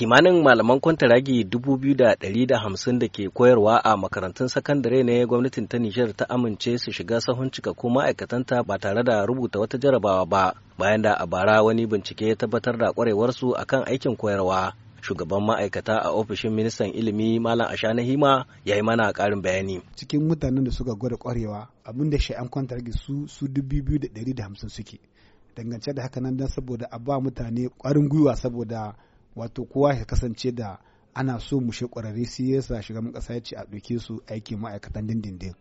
kimanin malaman kwantaragi 2,150 da ke koyarwa a makarantun sakandare ne gwamnatin ta nijar ta amince su shiga sahun cikakku ma'aikatanta ba tare da rubuta wata jarabawa ba bayan da a bara wani bincike ya tabbatar da kwarewarsu akan aikin koyarwa shugaban ma'aikata a ofishin ministan ilimi malam na hima ya yi mana karin bayani cikin mutanen da suka gwada kwarewa abinda sha'an kwantaragi su su 2,150 suke dangance da haka nan don saboda a ba mutane kwarin gwiwa saboda wato kowa ya kasance da ana so mu shi ƙwararri su yasa shugaban ƙasa ya ce a ɗauke su aiki ma'aikatan dindindin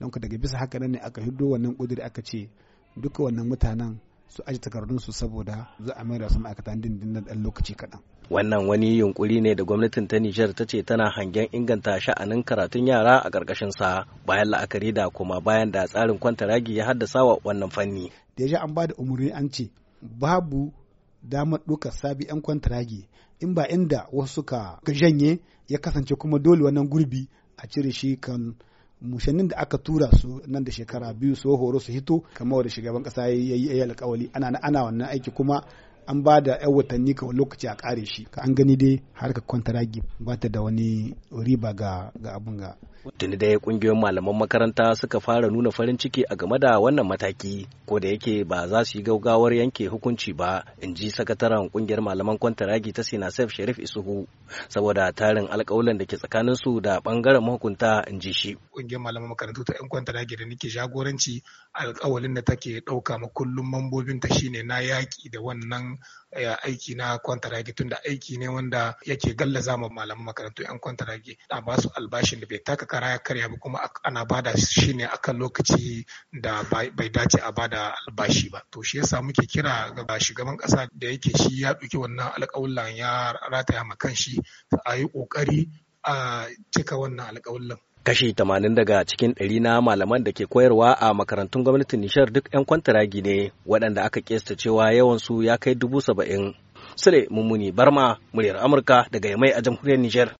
don ka daga bisa haka nan ne aka hiddo wannan ƙudiri aka ce duka wannan mutanen su aji su saboda za a da su ma'aikatan dindindin na ɗan lokaci kaɗan. Wannan wani yunkuri ne da gwamnatin ta Nijar ta ce tana hangen inganta sha'anin karatun yara a ƙarƙashin sa bayan la'akari da kuma bayan da tsarin kwantaragi ya haddasa wa wannan fanni. Da ya an ba da umarni an ce babu damar ɗaukar sabi 'yan kwantaragi in ba inda wasu suka janye ya kasance kuma dole wannan gurbi a cire shi kan mushannin da aka tura su nan da shekara biyu su horo su hito kamar da shugaban kasa ya yi alkawali ana ana wannan aiki kuma an ba da yan watanni kawai lokaci a kare shi ka an gani dai harkar kwantaragi ba ta da wani riba ga abin ga Tuni dai kungiyoyin malaman makaranta suka fara nuna farin ciki a game da wannan mataki ko da yake ba za su yi gaugawar yanke hukunci ba in ji sakataren kungiyar malaman kwantaragi ta Sinasef Sharif Isuhu saboda tarin alƙawulan da ke tsakanin su da bangaren mahukunta in ji shi. Kungiyar malaman makarantu ta 'yan kwantaragi da nake jagoranci alƙawalin da take ɗauka ma kullum mambobinta shine na yaki da wannan eh, aiki na kwantaragi tunda aiki ne wanda yake gallaza ma malaman makarantu 'yan kwantaragi a ba su albashin da bai taka kara ya karya ba kuma ana bada shi ne akan lokaci da bai dace a bada albashi ba to shi yasa muke kira ga shugaban kasa da yake shi ya ɗauki wannan alƙawullan ya rataya ma kanshi a yi ƙoƙari a cika wannan alƙawullan kashi 80 daga cikin ɗari na malaman da ke koyarwa a makarantun gwamnatin nishar duk 'yan kwantaragi ne waɗanda aka kesta cewa yawansu ya kai dubu saba'in sule mummuni barma muryar amurka daga yamai a jamhuriyar nijar